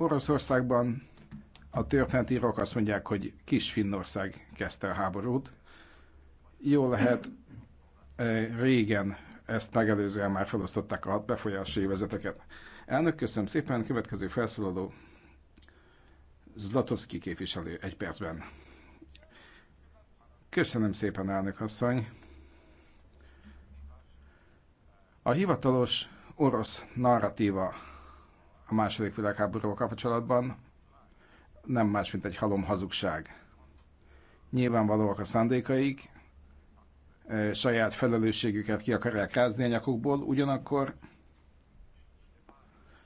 Oroszországban a történetírók azt mondják, hogy kis Finnország kezdte a háborút. Jó lehet, e, régen ezt megelőzően már felosztották a hat befolyási vezeteket. Elnök, köszönöm szépen, következő felszólaló Zlatowski képviselő egy percben. Köszönöm szépen, elnök asszony. A hivatalos orosz narratíva a második világháborúval kapcsolatban nem más, mint egy halom hazugság. Nyilvánvalóak a szándékaik, saját felelősségüket ki akarják rázni a nyakukból, ugyanakkor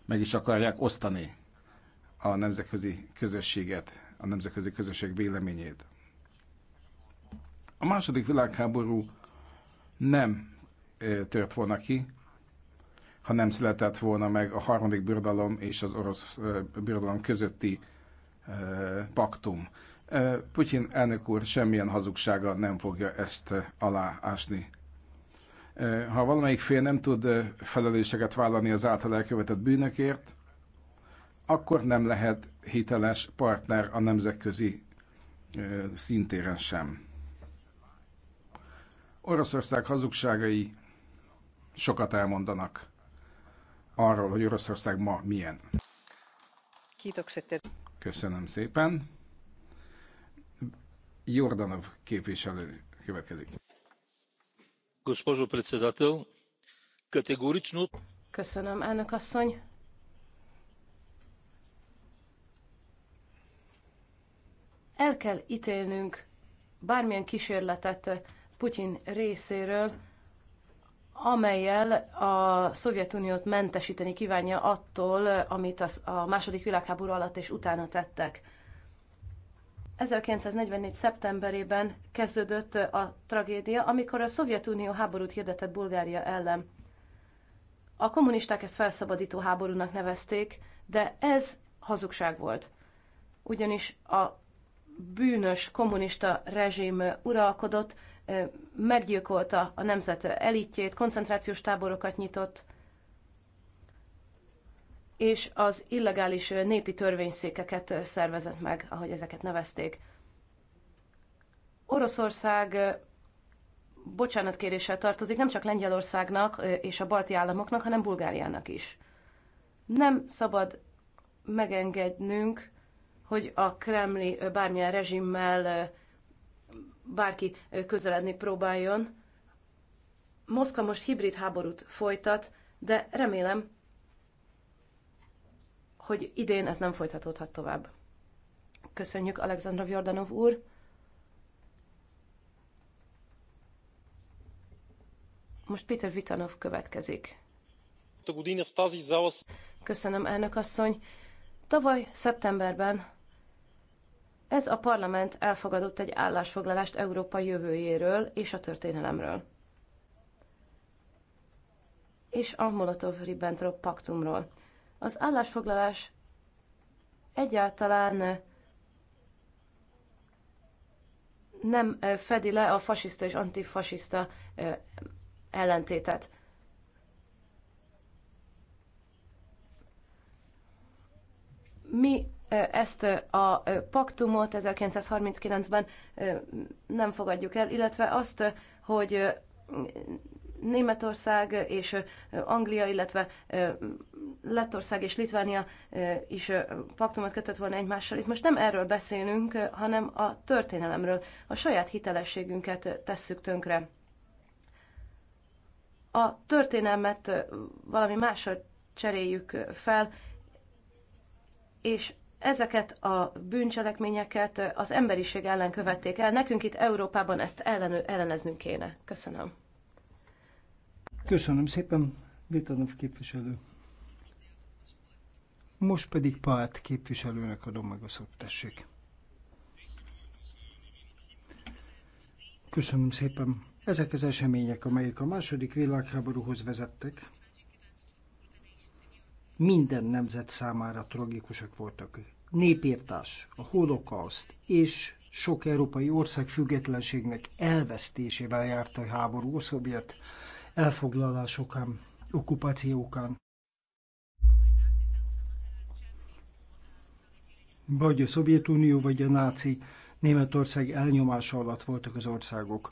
meg is akarják osztani a nemzetközi közösséget, a nemzetközi közösség véleményét. A második világháború nem tört volna ki, ha nem született volna meg a harmadik birodalom és az orosz birodalom közötti paktum. Putyin elnök úr semmilyen hazugsága nem fogja ezt aláásni. Ha valamelyik fél nem tud felelősséget vállalni az által elkövetett bűnökért, akkor nem lehet hiteles partner a nemzetközi szintéren sem. Oroszország hazugságai sokat elmondanak arról, hogy Oroszország ma milyen. Köszönöm szépen. Jordanov képviselő következik. Köszönöm, elnök asszony. El kell ítélnünk bármilyen kísérletet Putyin részéről amelyel a Szovjetuniót mentesíteni kívánja attól, amit az a második világháború alatt és utána tettek. 1944. szeptemberében kezdődött a tragédia, amikor a Szovjetunió háborút hirdetett Bulgária ellen. A kommunisták ezt felszabadító háborúnak nevezték, de ez hazugság volt. Ugyanis a bűnös kommunista rezsim uralkodott, meggyilkolta a nemzet elitjét, koncentrációs táborokat nyitott, és az illegális népi törvényszékeket szervezett meg, ahogy ezeket nevezték. Oroszország bocsánatkéréssel tartozik nem csak Lengyelországnak és a balti államoknak, hanem Bulgáriának is. Nem szabad megengednünk, hogy a kremli bármilyen rezsimmel bárki közeledni próbáljon. Moszkva most hibrid háborút folytat, de remélem, hogy idén ez nem folytatódhat tovább. Köszönjük, Alexandra Jordanov úr! Most Peter Vitanov következik. Köszönöm, elnök asszony! Tavaly szeptemberben ez a parlament elfogadott egy állásfoglalást Európa jövőjéről és a történelemről. És a Molotov-Ribbentrop paktumról. Az állásfoglalás egyáltalán nem fedi le a fasiszta és antifasiszta ellentétet. Mi ezt a paktumot 1939-ben nem fogadjuk el, illetve azt, hogy Németország és Anglia, illetve Lettország és Litvánia is paktumot kötött volna egymással. Itt most nem erről beszélünk, hanem a történelemről. A saját hitelességünket tesszük tönkre. A történelmet valami mással cseréljük fel, és Ezeket a bűncselekményeket az emberiség ellen követték el. Nekünk itt Európában ezt ellenő, elleneznünk kéne. Köszönöm. Köszönöm szépen, Vitanov képviselő. Most pedig Pát képviselőnek adom meg a szót, tessék. Köszönöm szépen. Ezek az események, amelyek a második világháborúhoz vezettek, minden nemzet számára tragikusak voltak népírtás, a holokauszt és sok európai ország függetlenségnek elvesztésével járt a háború, szovjet elfoglalásokán, okupációkán. Vagy a Szovjetunió, vagy a náci Németország elnyomása alatt voltak az országok.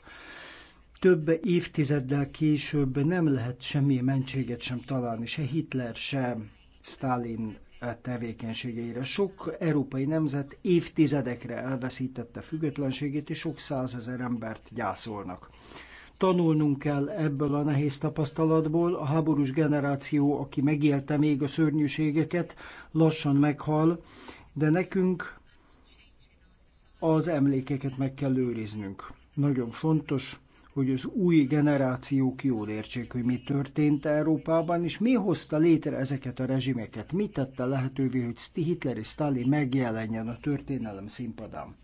Több évtizeddel később nem lehet semmi mentséget sem találni, se Hitler, se Stalin tevékenységeire. Sok európai nemzet évtizedekre elveszítette függetlenségét, és sok százezer embert gyászolnak. Tanulnunk kell ebből a nehéz tapasztalatból, a háborús generáció, aki megélte még a szörnyűségeket, lassan meghal, de nekünk az emlékeket meg kell őriznünk. Nagyon fontos, hogy az új generációk jól értsék, hogy mi történt Európában, és mi hozta létre ezeket a rezsimeket, mi tette lehetővé, hogy Hitler és Stalin megjelenjen a történelem színpadán.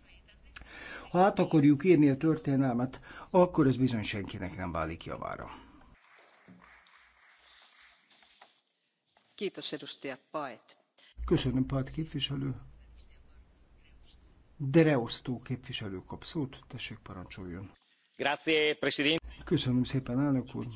Ha át akarjuk írni a történelmet, akkor ez bizony senkinek nem válik javára. Köszönöm, Pajt képviselő. Dereosztó képviselő kap szót, tessék parancsoljon. Köszönöm szépen, elnök úr.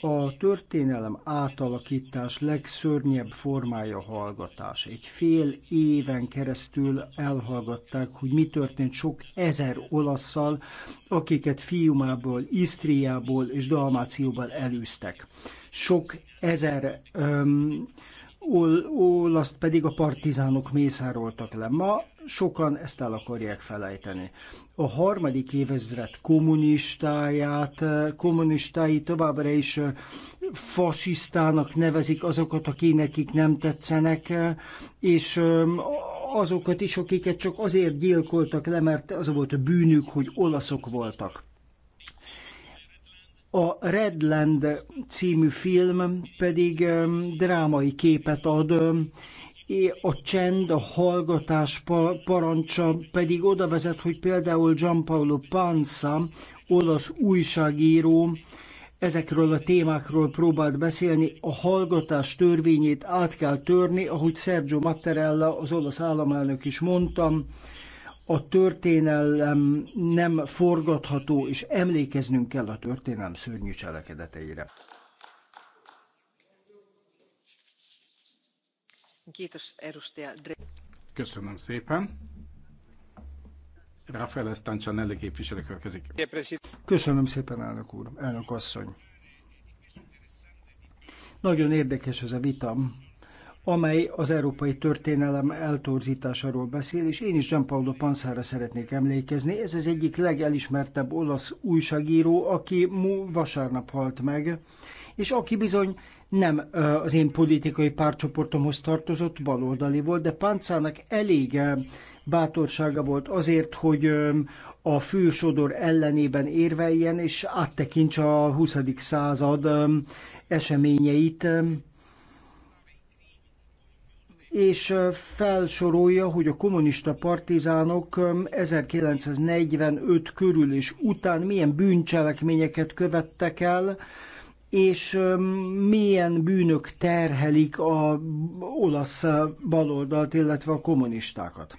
A történelem átalakítás legszörnyebb formája hallgatás. Egy fél éven keresztül elhallgatták, hogy mi történt sok ezer olaszszal, akiket Fiumából, Isztriából és Dalmációból elűztek. Sok ezer Um, Ol- olaszt pedig a partizánok mészároltak le. Ma sokan ezt el akarják felejteni. A harmadik évezred kommunistáját, kommunistái továbbra is fasisztának nevezik azokat, akiknek nem tetszenek, és azokat is, akiket csak azért gyilkoltak le, mert az volt a bűnük, hogy olaszok voltak. A Redland című film pedig um, drámai képet ad, um, a csend, a hallgatás parancsa pedig oda vezet, hogy például Gianpaolo Panza, olasz újságíró, ezekről a témákról próbált beszélni, a hallgatás törvényét át kell törni, ahogy Sergio Mattarella, az olasz államelnök is mondtam, a történelem nem forgatható, és emlékeznünk kell a történelem szörnyű cselekedeteire. Köszönöm szépen. Rafael Estancsanelli képviselő következik. Köszönöm szépen, elnök úr, elnök asszony. Nagyon érdekes ez a vita, amely az európai történelem eltorzításáról beszél, és én is Gianpaolo Panszára szeretnék emlékezni. Ez az egyik legelismertebb olasz újságíró, aki vasárnap halt meg, és aki bizony nem az én politikai pártcsoportomhoz tartozott, baloldali volt, de Páncának elég bátorsága volt azért, hogy a fősodor ellenében érveljen, és áttekints a 20. század eseményeit, és felsorolja, hogy a kommunista partizánok 1945 körül és után milyen bűncselekményeket követtek el, és milyen bűnök terhelik a olasz baloldalt, illetve a kommunistákat.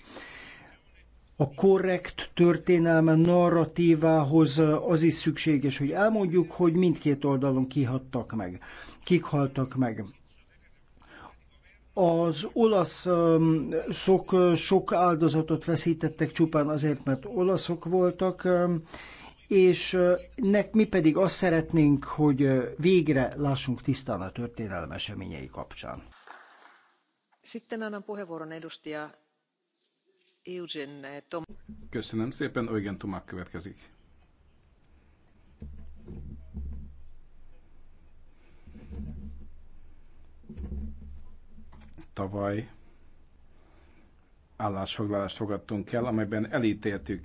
A korrekt történelme narratívához az is szükséges, hogy elmondjuk, hogy mindkét oldalon kihattak meg, kik haltak meg. Az olasz sok, sok áldozatot veszítettek csupán azért, mert olaszok voltak, és nek mi pedig azt szeretnénk, hogy végre lássunk tisztán a történelem eseményei kapcsán. Sitten annan puheenvuoron edustaja Eugen eh, Tom. Köszönöm szépen, Eugen Tomák következik. tavaly állásfoglalást fogadtunk el, amelyben elítéltük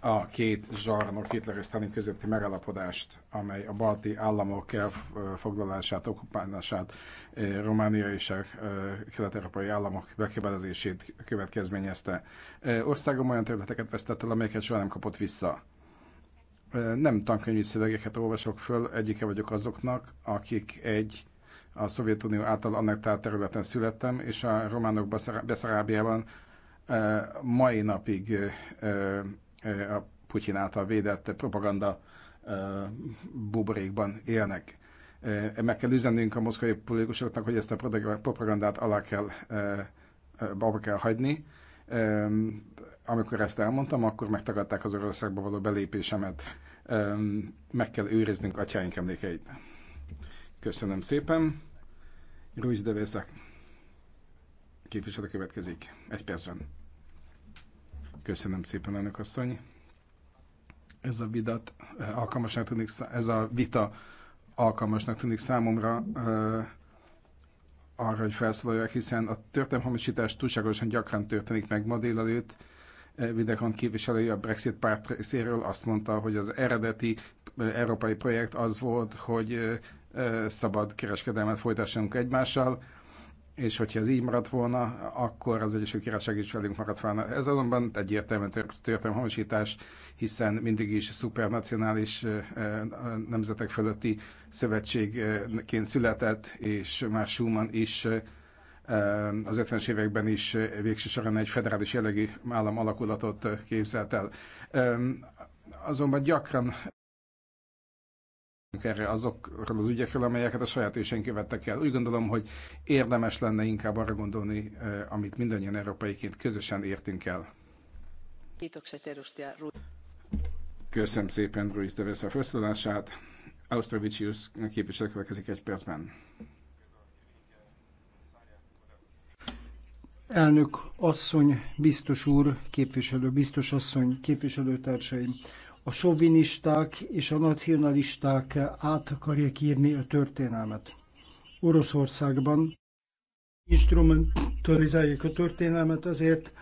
a két zsarnok Hitler és Stalin közötti megállapodást, amely a balti államok elfoglalását, okupálását, eh, Románia és a eh, kelet-európai államok bekebelezését következményezte. Eh, országom olyan területeket vesztett el, amelyeket soha nem kapott vissza. Nem tankönyvi szövegeket olvasok föl, egyike vagyok azoknak, akik egy a Szovjetunió által annektált területen születtem, és a románok Beszarábiában mai napig a Putyin által védett propaganda buborékban élnek. Meg kell üzennünk a moszkvai politikusoknak, hogy ezt a propagandát alá kell, alá kell hagyni. Amikor ezt elmondtam, akkor megtagadták az Oroszországba való belépésemet. Meg kell őriznünk atyáink emlékeit. Köszönöm szépen! Ruiz de Vesa képviselő következik egy percben. Köszönöm szépen, önök asszony. Ez a, vidat, eh, alkalmasnak tűnik, ez a vita alkalmasnak tűnik számomra eh, arra, hogy felszólaljak, hiszen a történelmhamisítás túlságosan gyakran történik meg ma délelőtt. Eh, Videkon képviselői a Brexit párt részéről azt mondta, hogy az eredeti európai projekt az volt, hogy szabad kereskedelmet folytassunk egymással, és hogyha ez így maradt volna, akkor az Egyesült Királyság is velünk maradt volna. Ez azonban egyértelműen történelmi hamisítás, hiszen mindig is szupernacionális nemzetek fölötti szövetségként született, és már Schumann is az 50-es években is végső során egy federális jellegű állam alakulatot képzelt el. Azonban gyakran erre azokról az ügyekről, amelyeket a saját őseink követtek el. Úgy gondolom, hogy érdemes lenne inkább arra gondolni, eh, amit mindannyian európaiként közösen értünk el. Köszönöm szépen Ruiz de Vesza felszólását. felszólalását. képviselő következik egy percben. Elnök asszony, biztos úr, képviselő, biztos asszony, képviselőtársaim a sovinisták és a nacionalisták át akarják írni a történelmet. Oroszországban instrumentalizálják a történelmet azért,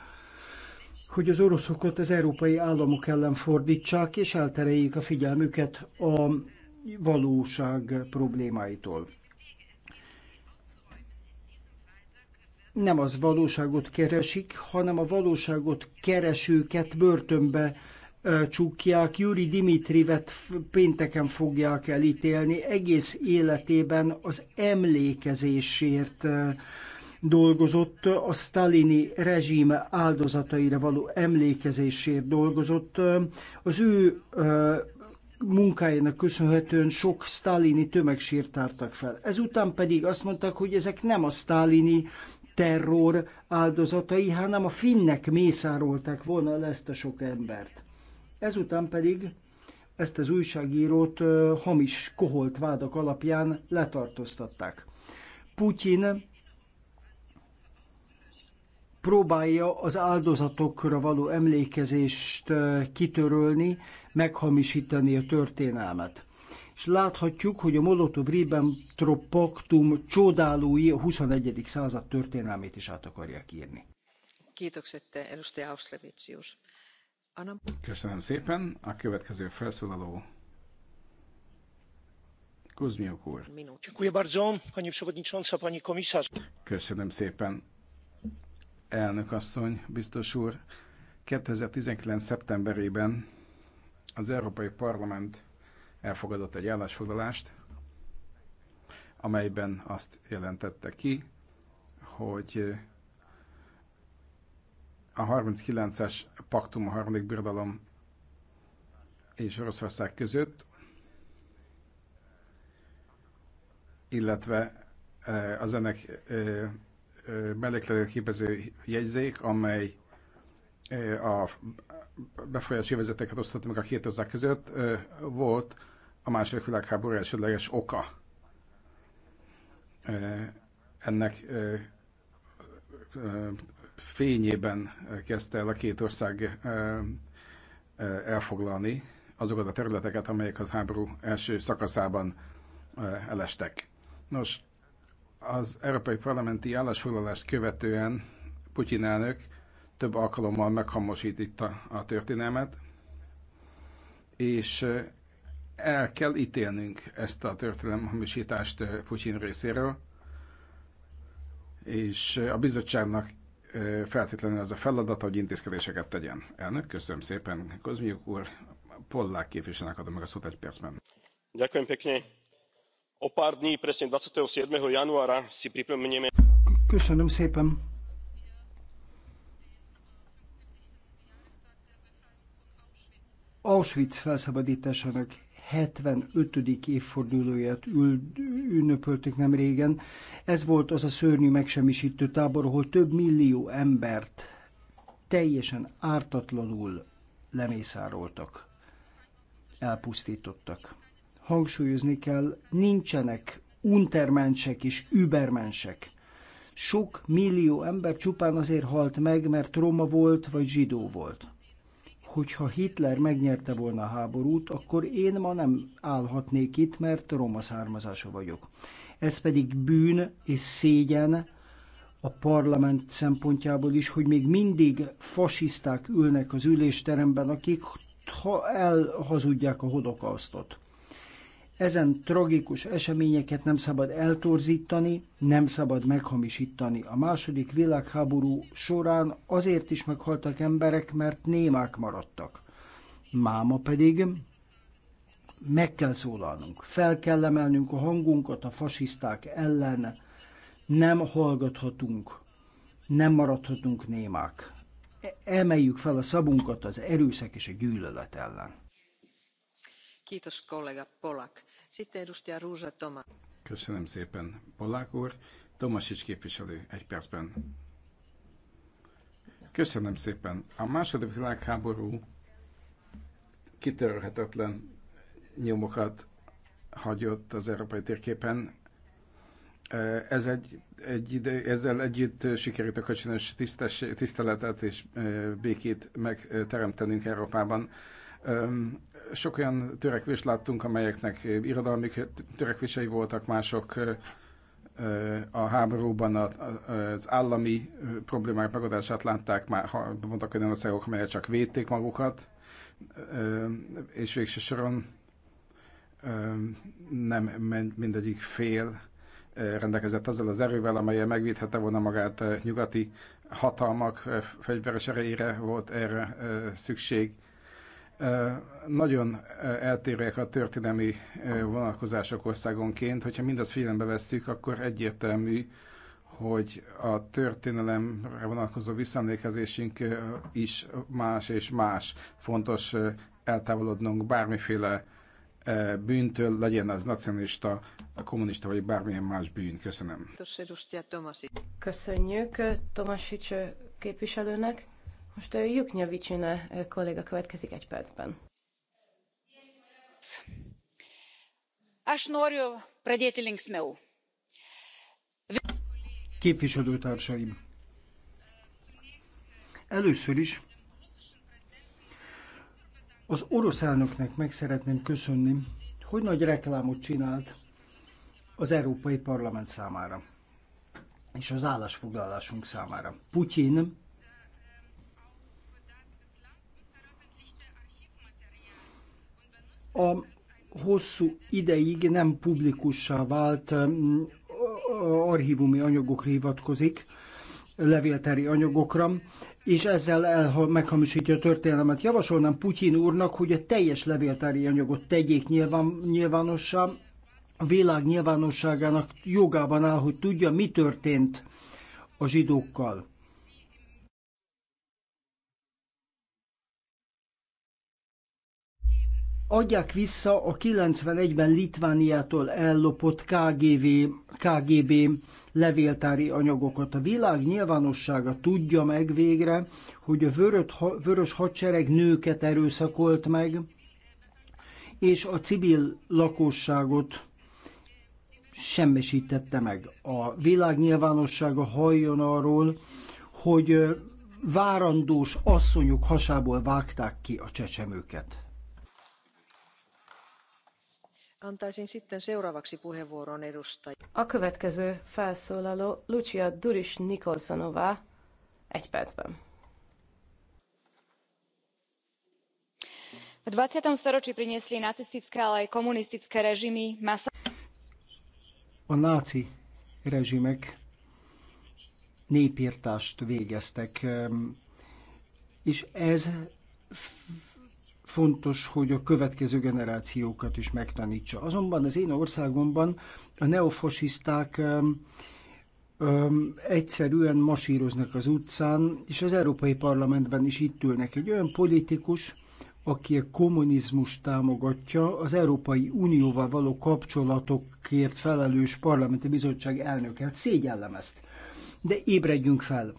hogy az oroszokat az európai államok ellen fordítsák, és eltereljék a figyelmüket a valóság problémáitól. Nem az valóságot keresik, hanem a valóságot keresőket börtönbe csukják, Juri Dimitrivet pénteken fogják elítélni, egész életében az emlékezésért dolgozott, a sztalini rezsim áldozataira való emlékezésért dolgozott. Az ő munkájának köszönhetően sok sztálini tömegsírt tártak fel. Ezután pedig azt mondták, hogy ezek nem a sztálini terror áldozatai, hanem a finnek mészárolták volna le ezt a sok embert. Ezután pedig ezt az újságírót hamis, koholt vádak alapján letartóztatták. Putyin próbálja az áldozatokra való emlékezést kitörölni, meghamisítani a történelmet. És láthatjuk, hogy a Molotov-Ribbentrop paktum csodálói a 21. század történelmét is át akarják írni. szette edustaja Austrevicius. Köszönöm szépen. A következő felszólaló Kuzmiuk úr. Köszönöm szépen. Elnök asszony, biztos úr, 2019. szeptemberében az Európai Parlament elfogadott egy állásfoglalást, amelyben azt jelentette ki, hogy a 39-es paktum a harmadik birodalom és Oroszország között, illetve e, az ennek e, e, mellékletét képező jegyzék, amely a befolyási vezeteket osztott meg a két ország között, volt a második világháború elsődleges oka. Ennek fényében eh, kezdte el a két ország eh, eh, elfoglalni azokat a területeket, amelyek az háború első szakaszában elestek. Nos, az Európai Parlamenti állásfoglalást követően Putyin elnök több alkalommal meghamosította a történelmet, és el kell ítélnünk ezt a történelemhamisítást Putyin részéről, és a bizottságnak feltétlenül az a feladata, hogy intézkedéseket tegyen. Elnök, köszönöm szépen. Kozmiuk úr, Pollák képviselőnek adom meg a szót egy percben. Ďakujem pekne. O pár dní, presne 27. januára si pripomenieme... Köszönöm szépen. Auschwitz felszabadításának 75. évfordulóját ül, ünnepölték nem régen. Ez volt az a szörnyű megsemmisítő tábor, ahol több millió embert teljesen ártatlanul lemészároltak, elpusztítottak. Hangsúlyozni kell, nincsenek untermensek és übermensek. Sok millió ember csupán azért halt meg, mert roma volt vagy zsidó volt hogyha Hitler megnyerte volna a háborút, akkor én ma nem állhatnék itt, mert roma származása vagyok. Ez pedig bűn és szégyen a parlament szempontjából is, hogy még mindig fasiszták ülnek az ülésteremben, akik ha elhazudják a hodokasztot. Ezen tragikus eseményeket nem szabad eltorzítani, nem szabad meghamisítani. A második világháború során azért is meghaltak emberek, mert némák maradtak. Máma pedig meg kell szólalnunk, fel kell emelnünk a hangunkat a fasiszták ellen, nem hallgathatunk, nem maradhatunk némák. Emeljük fel a szabunkat az erőszak és a gyűlölet ellen. Kétos kollega Polak Köszönöm szépen, Polák úr. Tomasics képviselő, egy percben. Köszönöm szépen. A második világháború kitörhetetlen nyomokat hagyott az európai térképen. Ez egy, egy, ezzel együtt sikerült a kölcsönös tiszteletet és békét megteremtenünk Európában. Sok olyan törekvést láttunk, amelyeknek eh, irodalmi törekvései voltak, mások eh, eh, a háborúban az állami problémák megoldását látták, már mondtak olyan országok, amelyek csak védték magukat, és végső soron nem mindegyik fél rendelkezett azzal az erővel, amelyel megvédhette volna magát nyugati hatalmak fegyveres erejére volt erre szükség nagyon eltérőek a történelmi vonatkozások országonként. Hogyha mindazt figyelembe vesszük, akkor egyértelmű, hogy a történelemre vonatkozó visszaemlékezésünk is más és más. Fontos eltávolodnunk bármiféle bűntől, legyen az nacionalista, kommunista vagy bármilyen más bűn. Köszönöm. Köszönjük Tomasics képviselőnek. Most a Juknya Vicsina kolléga következik egy percben. Képviselőtársaim! Először is az orosz elnöknek meg szeretném köszönni, hogy nagy reklámot csinált az Európai Parlament számára és az állásfoglalásunk számára. Putyin a hosszú ideig nem publikussá vált mm, archívumi anyagokra hivatkozik, levélteri anyagokra, és ezzel elha, meghamisítja a történelmet. Javasolnám Putyin úrnak, hogy a teljes levéltári anyagot tegyék nyilván, nyilvánossá, a világ nyilvánosságának jogában áll, hogy tudja, mi történt a zsidókkal. adják vissza a 91-ben Litvániától ellopott KGV, KGB levéltári anyagokat. A világ nyilvánossága tudja meg végre, hogy a vöröt, vörös hadsereg nőket erőszakolt meg, és a civil lakosságot semmisítette meg. A világ nyilvánossága halljon arról, hogy várandós asszonyok hasából vágták ki a csecsemőket. A következő felszólaló Lucia Duris Nikolsonová egy percben. V 20. storočí priniesli nacistické, ale aj komunistické režimy masa... A náci rezsimek népírtást végeztek, ehm, és ez fontos, hogy a következő generációkat is megtanítsa. Azonban az én országomban a neofasiszták egyszerűen masíroznak az utcán, és az Európai Parlamentben is itt ülnek. Egy olyan politikus, aki a kommunizmus támogatja, az Európai Unióval való kapcsolatokért felelős parlamenti bizottság elnöket. Hát szégyellem ezt. De ébredjünk fel!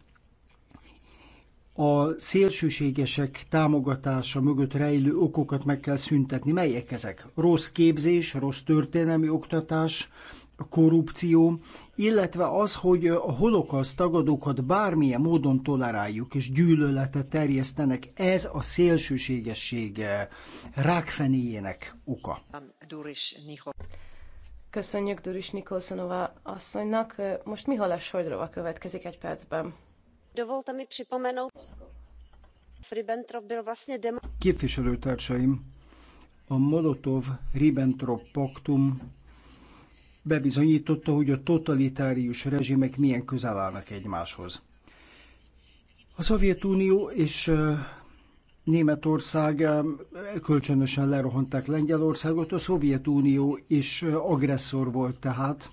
a szélsőségesek támogatása mögött rejlő okokat meg kell szüntetni. Melyek ezek? Rossz képzés, rossz történelmi oktatás, korrupció, illetve az, hogy a holokaszt tagadókat bármilyen módon toleráljuk és gyűlöletet terjesztenek, ez a szélsőségesség eh, rákfenéjének oka. Köszönjük Duris Nikolszonova asszonynak. Most Mihalás Sojdrova következik egy percben. Dovolte mi připomenout, Ribbentrop byl vlastně Képviselőtársaim, a Molotov-Ribbentrop paktum bebizonyította, hogy a totalitárius rezsimek milyen közel állnak egymáshoz. A Szovjetunió és Németország kölcsönösen lerohanták Lengyelországot, a Szovjetunió is agresszor volt tehát,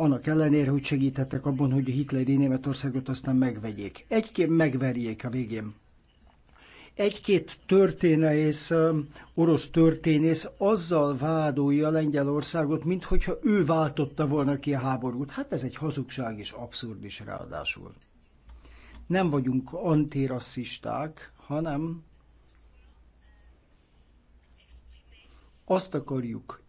annak ellenére, hogy segítettek abban, hogy a hitleri Németországot aztán megvegyék. Egyként megverjék a végén. Egy-két történész, orosz történész azzal vádolja Lengyelországot, minthogyha ő váltotta volna ki a háborút. Hát ez egy hazugság és abszurd is ráadásul. Nem vagyunk antirasszisták, hanem azt akarjuk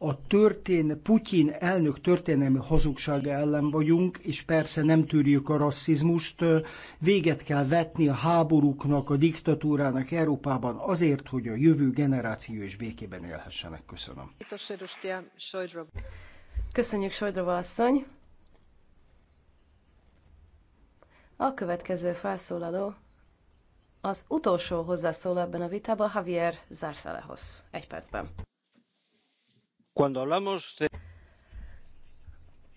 a történ, Putyin elnök történelmi hazugsága ellen vagyunk, és persze nem tűrjük a rasszizmust, véget kell vetni a háborúknak, a diktatúrának Európában azért, hogy a jövő generáció is békében élhessenek. Köszönöm. Köszönjük, Sojdrova asszony. A következő felszólaló az utolsó hozzászól ebben a vitában Javier Zárszalához. Egy percben.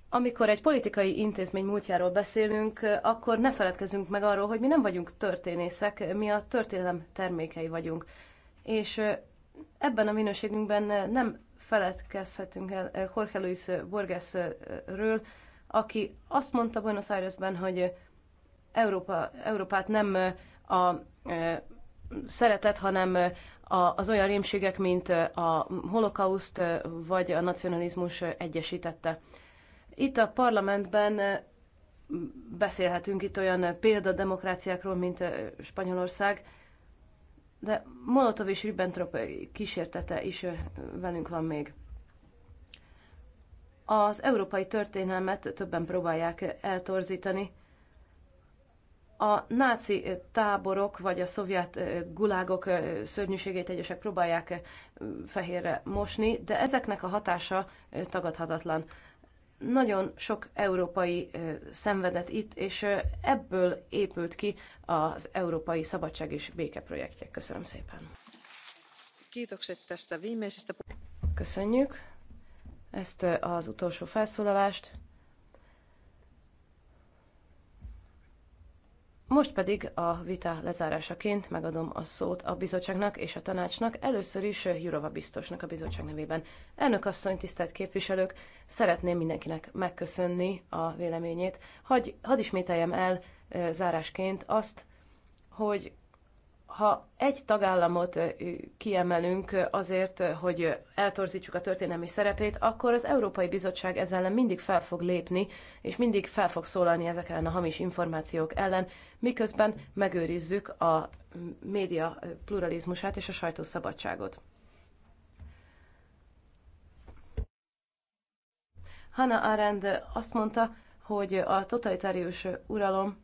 Amikor egy politikai intézmény múltjáról beszélünk, akkor ne feledkezzünk meg arról, hogy mi nem vagyunk történészek, mi a történelem termékei vagyunk. És ebben a minőségünkben nem feledkezhetünk el Jorge Luis Borgesről, aki azt mondta Buenos Airesben, hogy Európa, Európát nem a szeretet, hanem az olyan rémségek, mint a holokauszt vagy a nacionalizmus egyesítette. Itt a parlamentben beszélhetünk itt olyan példademokráciákról, mint Spanyolország, de Molotov és Ribbentrop kísértete is velünk van még. Az európai történelmet többen próbálják eltorzítani, a náci táborok vagy a szovjet gulágok szörnyűségét egyesek próbálják fehérre mosni, de ezeknek a hatása tagadhatatlan. Nagyon sok európai szenvedett itt, és ebből épült ki az Európai Szabadság és Béke projektje. Köszönöm szépen. Köszönjük ezt az utolsó felszólalást. Most pedig a vita lezárásaként megadom a szót a bizottságnak és a tanácsnak, először is Jurova biztosnak a bizottság nevében. Elnök asszony, tisztelt képviselők, szeretném mindenkinek megköszönni a véleményét. Hagy, hadd ismételjem el zárásként azt, hogy ha egy tagállamot kiemelünk azért, hogy eltorzítsuk a történelmi szerepét, akkor az Európai Bizottság ezzel ellen mindig fel fog lépni, és mindig fel fog szólalni ezek ellen a hamis információk ellen, miközben megőrizzük a média pluralizmusát és a sajtószabadságot. Hannah Arendt azt mondta, hogy a totalitárius uralom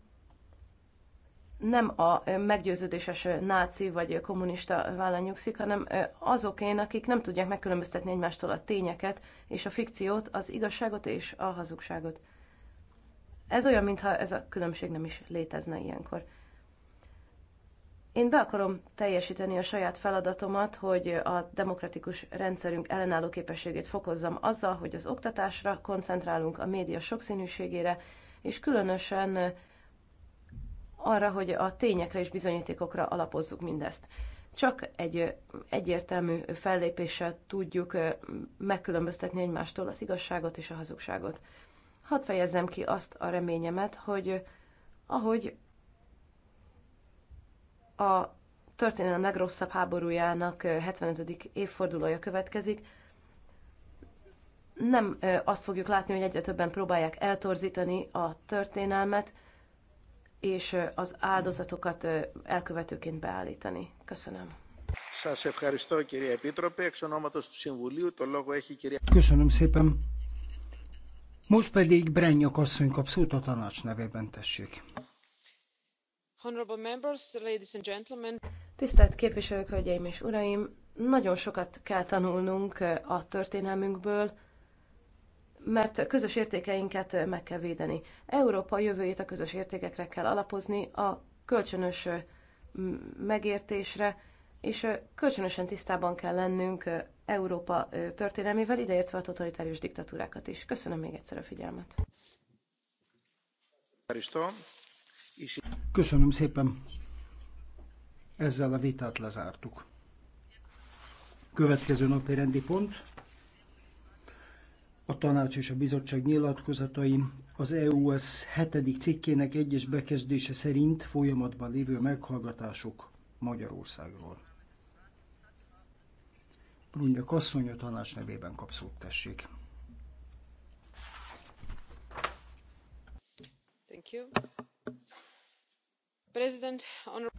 nem a meggyőződéses náci vagy kommunista vállán nyugszik, hanem azokén, akik nem tudják megkülönböztetni egymástól a tényeket és a fikciót, az igazságot és a hazugságot. Ez olyan, mintha ez a különbség nem is létezne ilyenkor. Én be akarom teljesíteni a saját feladatomat, hogy a demokratikus rendszerünk ellenálló képességét fokozzam azzal, hogy az oktatásra koncentrálunk, a média sokszínűségére, és különösen arra, hogy a tényekre és bizonyítékokra alapozzuk mindezt. Csak egy egyértelmű fellépéssel tudjuk megkülönböztetni egymástól az igazságot és a hazugságot. Hadd fejezzem ki azt a reményemet, hogy ahogy a történelem legrosszabb háborújának 75. évfordulója következik, nem azt fogjuk látni, hogy egyre többen próbálják eltorzítani a történelmet, és az áldozatokat elkövetőként beállítani. Köszönöm. Köszönöm szépen. Most pedig Brennyak asszony kap szót a tanács nevében, tessék. Tisztelt képviselők, hölgyeim és uraim! Nagyon sokat kell tanulnunk a történelmünkből, mert közös értékeinket meg kell védeni. Európa jövőjét a közös értékekre kell alapozni, a kölcsönös megértésre, és kölcsönösen tisztában kell lennünk Európa történelmével, ideértve a totalitárius diktatúrákat is. Köszönöm még egyszer a figyelmet. Köszönöm szépen. Ezzel a vitát lezártuk. Következő napi rendi pont a tanács és a bizottság nyilatkozatai az EUS 7. cikkének egyes bekezdése szerint folyamatban lévő meghallgatások Magyarországról. Brunja Kasszony a tanács nevében kap szót, tessék. Thank you. President, honor-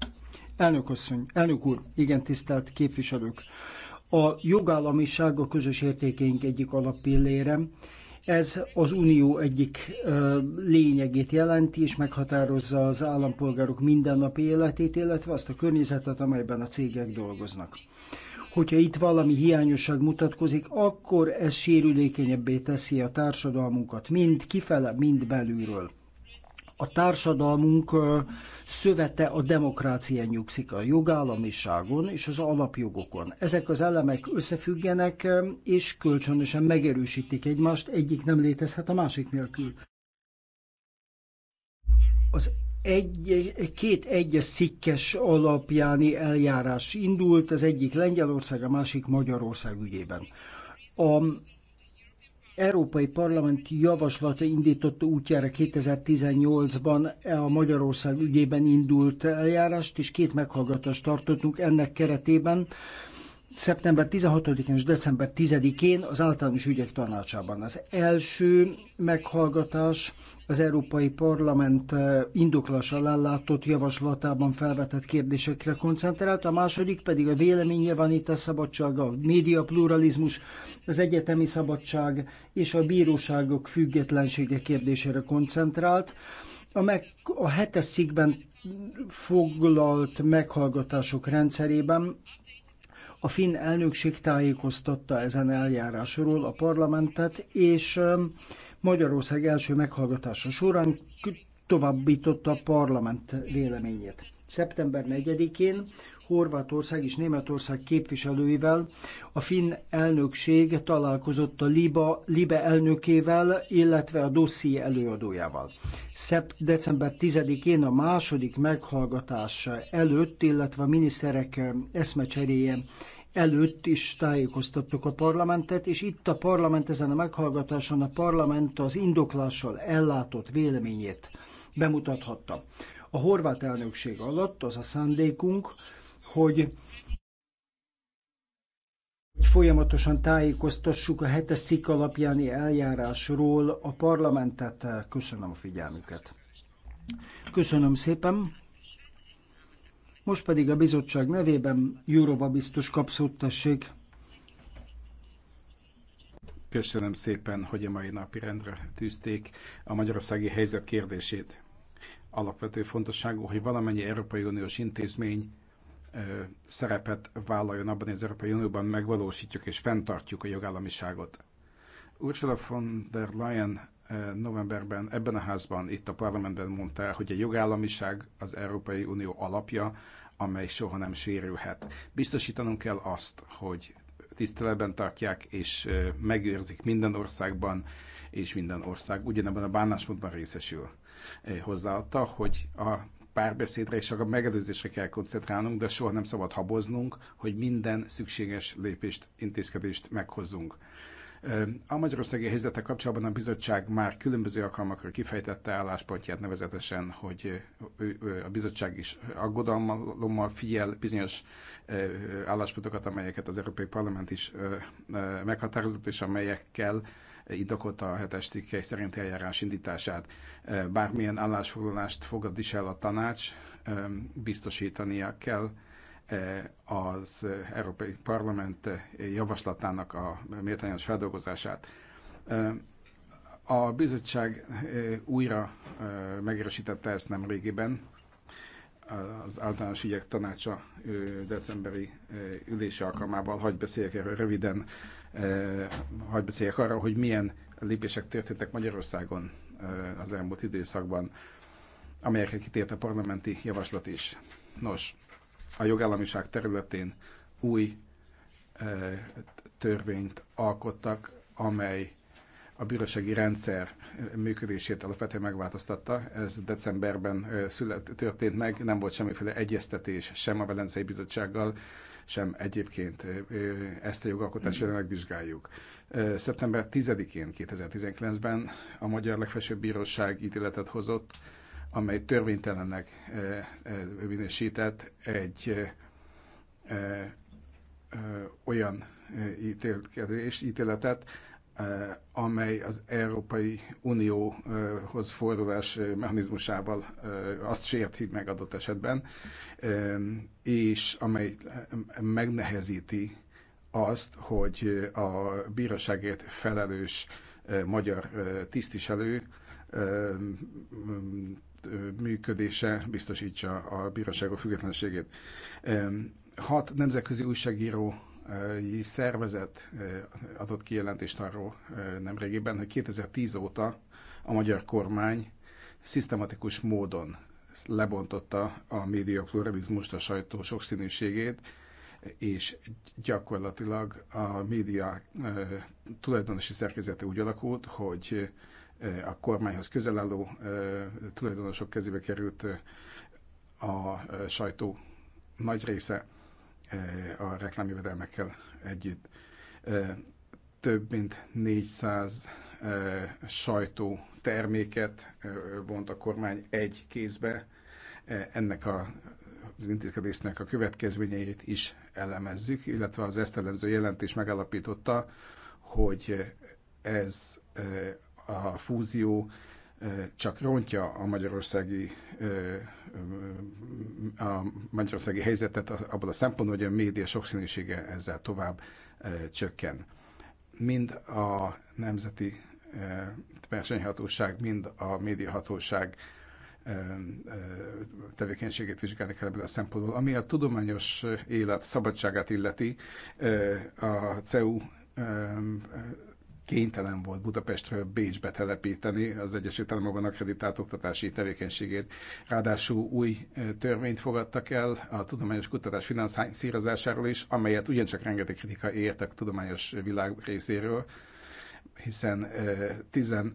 elnök asszony, elnök úr, igen tisztelt képviselők! a jogállamiság a közös értékeink egyik alappillére. Ez az unió egyik ö, lényegét jelenti, és meghatározza az állampolgárok mindennapi életét, illetve azt a környezetet, amelyben a cégek dolgoznak. Hogyha itt valami hiányosság mutatkozik, akkor ez sérülékenyebbé teszi a társadalmunkat mind kifele, mind belülről a társadalmunk szövete a demokrácia nyugszik, a jogállamiságon és az alapjogokon. Ezek az elemek összefüggenek, és kölcsönösen megerősítik egymást, egyik nem létezhet a másik nélkül. Az egy, két egyes szikkes alapjáni eljárás indult, az egyik Lengyelország, a másik Magyarország ügyében. A Európai Parlament javaslata indította útjára 2018-ban a Magyarország ügyében indult eljárást, és két meghallgatást tartottunk ennek keretében szeptember 16-án és december 10-én az általános ügyek tanácsában. Az első meghallgatás az Európai Parlament eh, indoklással ellátott javaslatában felvetett kérdésekre koncentrált, a második pedig a véleménye van itt a szabadság, a média pluralizmus, az egyetemi szabadság és a bíróságok függetlensége kérdésére koncentrált. A, meg, a hetes szikben foglalt meghallgatások rendszerében a finn elnökség tájékoztatta ezen eljárásról a parlamentet, és um, Magyarország első meghallgatása során továbbította a parlament véleményét. Szeptember 4-én Horvátország és Németország képviselőivel a finn elnökség találkozott a Liba, Libe elnökével, illetve a dosszi előadójával. Szept december 10-én a második meghallgatás előtt, illetve a miniszterek eszmecseréje előtt is tájékoztattuk a parlamentet, és itt a parlament ezen a meghallgatáson a parlament az indoklással ellátott véleményét bemutathatta. A horvát elnökség alatt az a szándékunk, hogy folyamatosan tájékoztassuk a hetes szik alapjáni eljárásról a parlamentet. Köszönöm a figyelmüket. Köszönöm szépen. Most pedig a bizottság nevében Jurova biztos kapszót tessék. Köszönöm szépen, hogy a mai napi rendre tűzték a magyarországi helyzet kérdését alapvető fontosságú, hogy valamennyi Európai Uniós intézmény szerepet vállaljon abban, hogy az Európai Unióban megvalósítjuk és fenntartjuk a jogállamiságot. Ursula von der Leyen novemberben ebben a házban, itt a parlamentben mondta el, hogy a jogállamiság az Európai Unió alapja, amely soha nem sérülhet. Biztosítanunk kell azt, hogy tiszteletben tartják és megőrzik minden országban, és minden ország ugyanebben a bánásmódban részesül. Eh, hozzáadta, hogy a párbeszédre és a megelőzésre kell koncentrálnunk, de soha nem szabad haboznunk, hogy minden szükséges lépést, intézkedést meghozzunk. Eh, a magyarországi helyzete kapcsolatban a bizottság már különböző alkalmakra kifejtette álláspontját, nevezetesen, hogy eh, a bizottság is aggodalommal figyel bizonyos álláspontokat, amelyeket az Európai Parlament is meghatározott, és amelyekkel indokolta a hetes cikkely szerint eljárás indítását. Bármilyen állásfoglalást fogad is el a tanács, biztosítania kell az Európai Parlament javaslatának a méltányos feldolgozását. A bizottság újra megerősítette ezt nem régiben, az általános ügyek tanácsa decemberi ülése alkalmával. Hagy beszéljek erről röviden, hagy beszéljek arra, hogy milyen lépések történtek Magyarországon az elmúlt időszakban, amelyekre kitért a parlamenti javaslat is. Nos, a jogállamiság területén új törvényt alkottak, amely a bírósági rendszer működését alapvetően megváltoztatta. Ez decemberben szület, történt meg, nem volt semmiféle egyeztetés sem a Velencei Bizottsággal, sem egyébként ezt a jogalkotást jelenleg vizsgáljuk. Szeptember 10-én 2019-ben a Magyar Legfelsőbb Bíróság ítéletet hozott, amely törvénytelennek minősített egy olyan ítéletet, Eh, amely az Európai Unióhoz fordulás eh, mechanizmusával eh, azt sérti meg adott esetben, és amely megnehezíti azt, hogy a bíróságért felelős magyar tisztviselő működése biztosítsa a bíróságok függetlenségét. Hat nemzetközi újságíró szervezet adott kijelentést arról nemrégiben, hogy 2010 óta a magyar kormány szisztematikus módon lebontotta a média pluralizmust, a sajtó sokszínűségét, és gyakorlatilag a média tulajdonosi szerkezete úgy alakult, hogy a kormányhoz közel álló tulajdonosok kezébe került a sajtó nagy része a reklámjövedelmekkel együtt. Több mint 400 sajtó terméket vont a kormány egy kézbe. Ennek a, az intézkedésnek a következményeit is elemezzük, illetve az ezt elemző jelentés megállapította, hogy ez a fúzió csak rontja a magyarországi a magyarországi helyzetet abban a szempontból, hogy a média sokszínűsége ezzel tovább e, csökken. Mind a Nemzeti e, Versenyhatóság, mind a médiahatóság e, tevékenységét vizsgálni kell ebből a szempontból. Ami a tudományos élet szabadságát illeti, a CEU kénytelen volt Budapestről Bécsbe telepíteni az Egyesült Államokban akreditált oktatási tevékenységét. Ráadásul új törvényt fogadtak el a tudományos kutatás finanszírozásáról is, amelyet ugyancsak rengeteg kritika ért a tudományos világ részéről, hiszen 15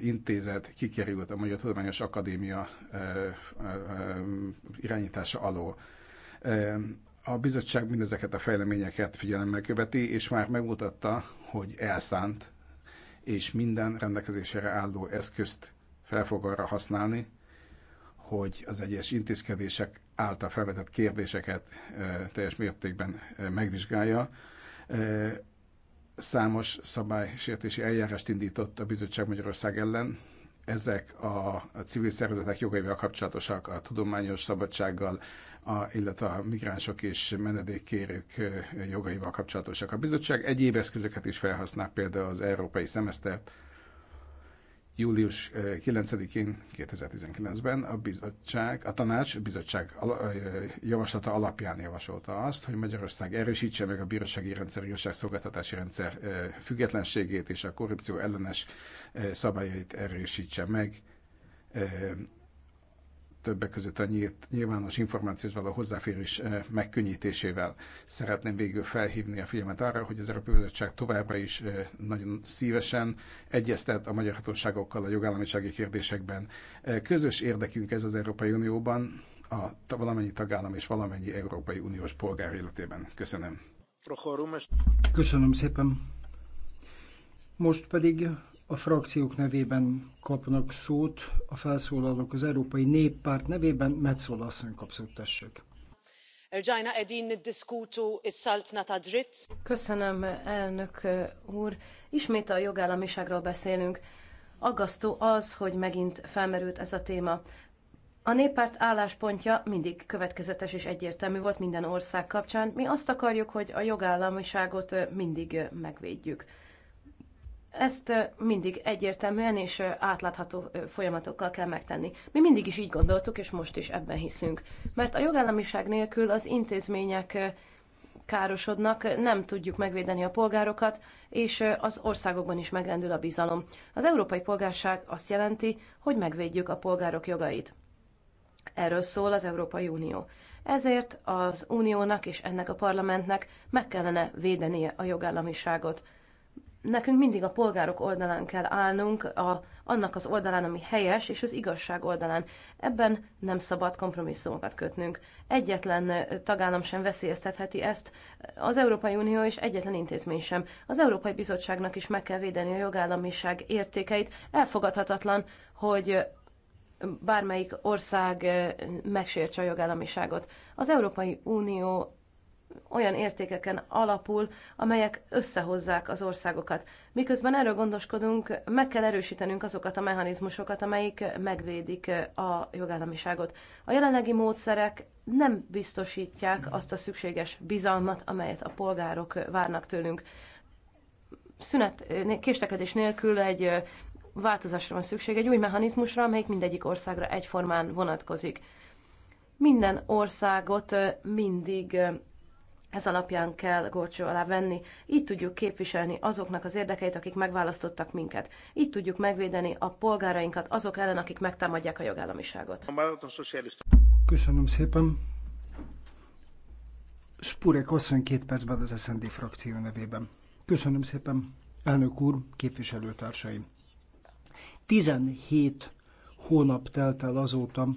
intézet kikerült a Magyar Tudományos Akadémia irányítása alól a bizottság mindezeket a fejleményeket figyelemmel követi, és már megmutatta, hogy elszánt, és minden rendelkezésére álló eszközt fel fog arra használni, hogy az egyes intézkedések által felvetett kérdéseket teljes mértékben megvizsgálja. Számos szabálysértési eljárást indított a bizottság Magyarország ellen, ezek a, a civil szervezetek jogaival kapcsolatosak, a tudományos szabadsággal, a, illetve a migránsok és menedékkérők jogaival kapcsolatosak. A bizottság egyéb eszközöket is felhasznál, például az európai szemesztert, július 9-én eh, 2019-ben a bizottság, a tanács a bizottság eh, javaslata alapján javasolta azt, hogy Magyarország erősítse meg a bírósági rendszer, igazságszolgáltatási rendszer eh, függetlenségét és a korrupció ellenes szabályait erősítse meg többek között a nyílt, nyilvános információhoz való hozzáférés eh, megkönnyítésével. Szeretném végül felhívni a figyelmet arra, hogy az Európai Bizottság továbbra is eh, nagyon szívesen egyeztet a magyar hatóságokkal a jogállamisági kérdésekben. Eh, közös érdekünk ez az Európai Unióban, a valamennyi tagállam és valamennyi Európai Uniós polgár életében. Köszönöm. Köszönöm szépen. Most pedig a frakciók nevében kapnak szót a felszólalók az Európai Néppárt nevében, Metszola asszony kap szót, tessék. Köszönöm, elnök úr. Ismét a jogállamiságról beszélünk. Aggasztó az, hogy megint felmerült ez a téma. A néppárt álláspontja mindig következetes és egyértelmű volt minden ország kapcsán. Mi azt akarjuk, hogy a jogállamiságot mindig megvédjük. Ezt mindig egyértelműen és átlátható folyamatokkal kell megtenni. Mi mindig is így gondoltuk, és most is ebben hiszünk. Mert a jogállamiság nélkül az intézmények károsodnak, nem tudjuk megvédeni a polgárokat, és az országokban is megrendül a bizalom. Az európai polgárság azt jelenti, hogy megvédjük a polgárok jogait. Erről szól az Európai Unió. Ezért az uniónak és ennek a parlamentnek meg kellene védenie a jogállamiságot nekünk mindig a polgárok oldalán kell állnunk, a, annak az oldalán, ami helyes, és az igazság oldalán. Ebben nem szabad kompromisszumokat kötnünk. Egyetlen tagállam sem veszélyeztetheti ezt, az Európai Unió és egyetlen intézmény sem. Az Európai Bizottságnak is meg kell védeni a jogállamiság értékeit. Elfogadhatatlan, hogy bármelyik ország megsértse a jogállamiságot. Az Európai Unió olyan értékeken alapul, amelyek összehozzák az országokat. Miközben erről gondoskodunk, meg kell erősítenünk azokat a mechanizmusokat, amelyik megvédik eh, a jogállamiságot. A jelenlegi módszerek nem biztosítják azt a szükséges bizalmat, amelyet a polgárok eh, várnak tőlünk. Szünet, eh, késlekedés nélkül egy változásra van szükség, egy új mechanizmusra, amelyik mindegyik országra egyformán vonatkozik. Minden országot mindig ez alapján kell gorcsó alá venni, így tudjuk képviselni azoknak az érdekeit, akik megválasztottak minket. Így tudjuk megvédeni a polgárainkat azok ellen, akik megtámadják a jogállamiságot. Köszönöm szépen. Spurek asszony két percben az SND frakció nevében. Köszönöm szépen, elnök úr, képviselőtársaim. 17 hónap telt el azóta,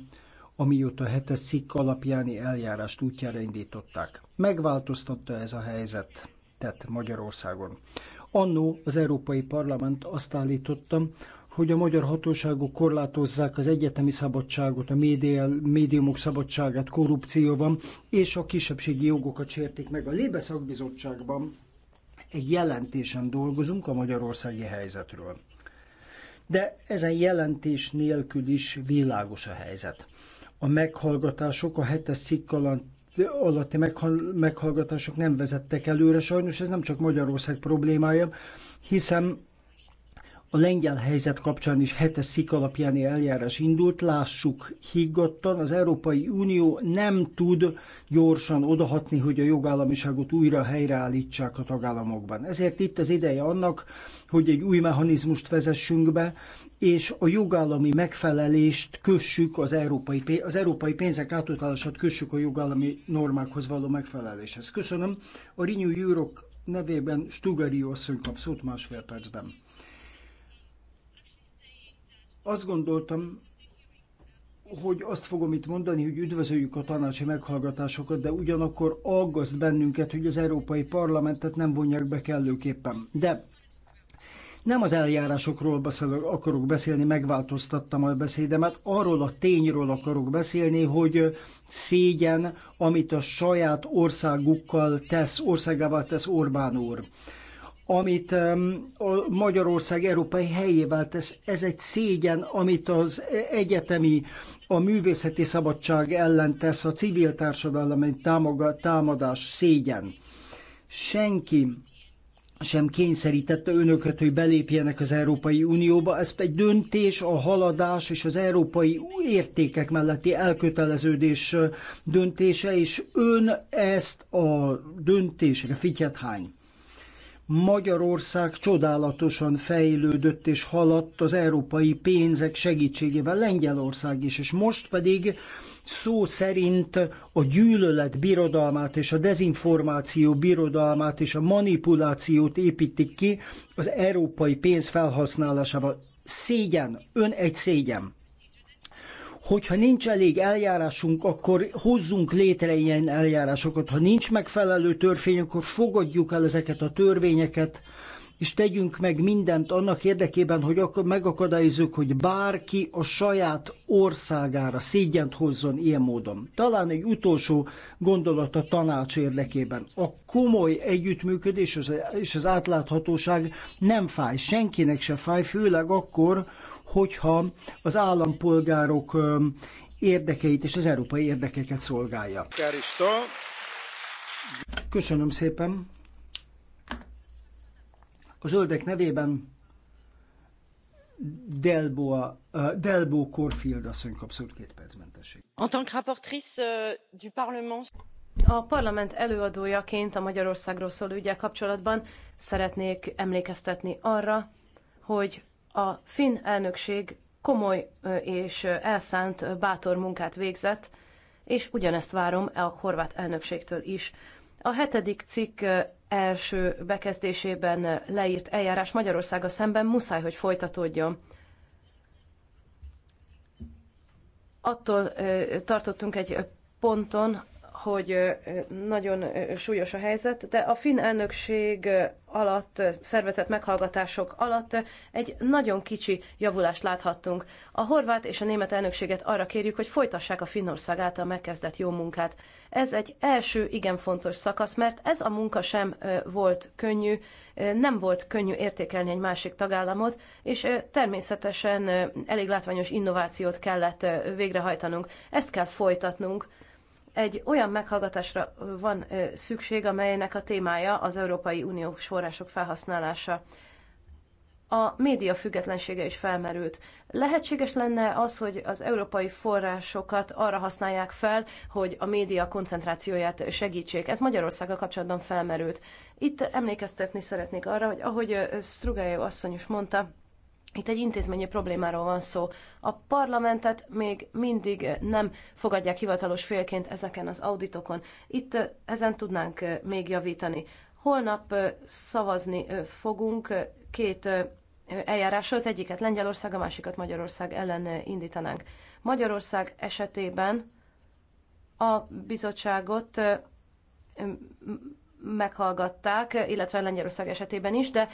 amióta hete szikk alapjáni eljárást útjára indították. Megváltoztatta ez a helyzet, tett Magyarországon. Annó az Európai Parlament azt állította, hogy a magyar hatóságok korlátozzák az egyetemi szabadságot, a média, médiumok szabadságát korrupcióban, és a kisebbségi jogokat sértik meg. A Lébe szakbizottságban egy jelentésen dolgozunk a magyarországi helyzetről. De ezen jelentés nélkül is világos a helyzet. A meghallgatások a hetes cikk alatti meghallgatások nem vezettek előre. Sajnos ez nem csak Magyarország problémája, hiszen a lengyel helyzet kapcsán is hetes szik alapján eljárás indult. Lássuk higgadtan, az Európai Unió nem tud gyorsan odahatni, hogy a jogállamiságot újra helyreállítsák a tagállamokban. Ezért itt az ideje annak, hogy egy új mechanizmust vezessünk be, és a jogállami megfelelést kössük az európai, az európai pénzek átutalását kössük a jogállami normákhoz való megfeleléshez. Köszönöm. A Renew Europe nevében Stugari asszony kap szót másfél percben. Azt gondoltam, hogy azt fogom itt mondani, hogy üdvözöljük a tanácsi meghallgatásokat, de ugyanakkor aggaszt bennünket, hogy az Európai Parlamentet nem vonják be kellőképpen. De nem az eljárásokról beszélek, akarok beszélni, megváltoztattam a beszédemet, arról a tényről akarok beszélni, hogy szégyen, amit a saját országukkal tesz, országával tesz Orbán úr amit a Magyarország európai helyével tesz. Ez egy szégyen, amit az egyetemi, a művészeti szabadság ellen tesz, a civil társadalom egy támadás, szégyen. Senki sem kényszerítette önöket, hogy belépjenek az Európai Unióba. Ez egy döntés, a haladás és az európai értékek melletti elköteleződés döntése, és ön ezt a döntésre fityet hány. Magyarország csodálatosan fejlődött és haladt az európai pénzek segítségével, Lengyelország is, és most pedig szó szerint a gyűlölet birodalmát és a dezinformáció birodalmát és a manipulációt építik ki az európai pénz felhasználásával. Szégyen, ön egy szégyen hogyha nincs elég eljárásunk, akkor hozzunk létre ilyen eljárásokat. Ha nincs megfelelő törvény, akkor fogadjuk el ezeket a törvényeket, és tegyünk meg mindent annak érdekében, hogy akkor megakadályozzuk, hogy bárki a saját országára szégyent hozzon ilyen módon. Talán egy utolsó gondolat a tanács érdekében. A komoly együttműködés és az átláthatóság nem fáj, senkinek se fáj, főleg akkor, hogyha az állampolgárok érdekeit és az európai érdekeket szolgálja. Köszönöm szépen. A zöldek nevében Delboa, uh, Delbo Corfield asszony kap két percben, tessék. En tant que rapportrice uh, du Parlement... A parlament előadójaként a Magyarországról szóló ügyel kapcsolatban szeretnék emlékeztetni arra, hogy a finn elnökség komoly és elszánt bátor munkát végzett, és ugyanezt várom e a horvát elnökségtől is. A hetedik cikk első bekezdésében leírt eljárás Magyarországa szemben muszáj, hogy folytatódjon. Attól tartottunk egy ponton, hogy nagyon súlyos a helyzet, de a finn elnökség alatt, szervezett meghallgatások alatt egy nagyon kicsi javulást láthattunk. A horvát és a német elnökséget arra kérjük, hogy folytassák a Finnország által megkezdett jó munkát. Ez egy első igen fontos szakasz, mert ez a munka sem volt könnyű, nem volt könnyű értékelni egy másik tagállamot, és természetesen elég látványos innovációt kellett végrehajtanunk. Ezt kell folytatnunk egy olyan meghallgatásra van szükség, amelynek a témája az Európai unió források felhasználása. A média függetlensége is felmerült. Lehetséges lenne az, hogy az európai forrásokat arra használják fel, hogy a média koncentrációját segítsék. Ez Magyarországgal kapcsolatban felmerült. Itt emlékeztetni szeretnék arra, hogy ahogy Strugájó asszony is mondta, itt egy intézményi problémáról van szó. A parlamentet még mindig nem fogadják hivatalos félként ezeken az auditokon. Itt ezen tudnánk még javítani. Holnap szavazni fogunk két eljárásról, az egyiket Lengyelország, a másikat Magyarország ellen indítanánk. Magyarország esetében a bizottságot meghallgatták, illetve Lengyelország esetében is, de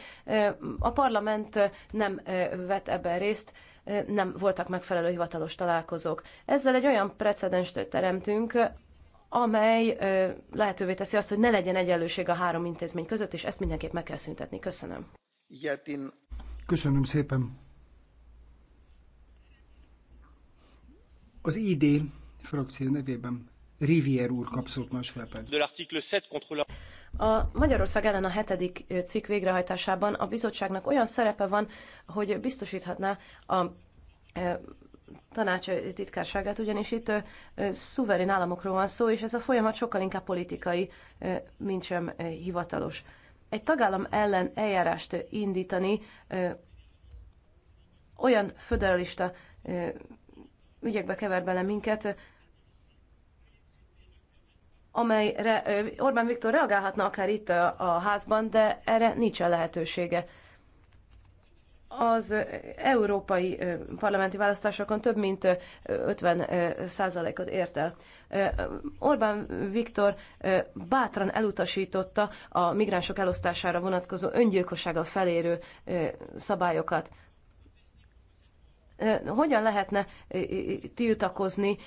a parlament nem vett ebben részt, nem voltak megfelelő hivatalos találkozók. Ezzel egy olyan precedenst teremtünk, amely lehetővé teszi azt, hogy ne legyen egyenlőség a három intézmény között, és ezt mindenképp meg kell szüntetni. Köszönöm. Köszönöm szépen. Az ID frakció nevében Rivier úr kapszott másfél A Magyarország ellen a hetedik cikk végrehajtásában a bizottságnak olyan szerepe van, hogy biztosíthatná a tanács titkárságát, ugyanis itt ö, ö, szuverén államokról van szó, és ez a folyamat sokkal inkább politikai, ö, mint sem hivatalos. Egy tagállam ellen eljárást indítani ö, olyan föderalista ö, ügyekbe kever bele minket, amelyre Orbán Viktor reagálhatna akár itt a házban, de erre nincsen lehetősége. Az európai parlamenti választásokon több mint 50 százalékot ért el. Orbán Viktor bátran elutasította a migránsok elosztására vonatkozó öngyilkossággal felérő szabályokat hogyan lehetne tiltakozni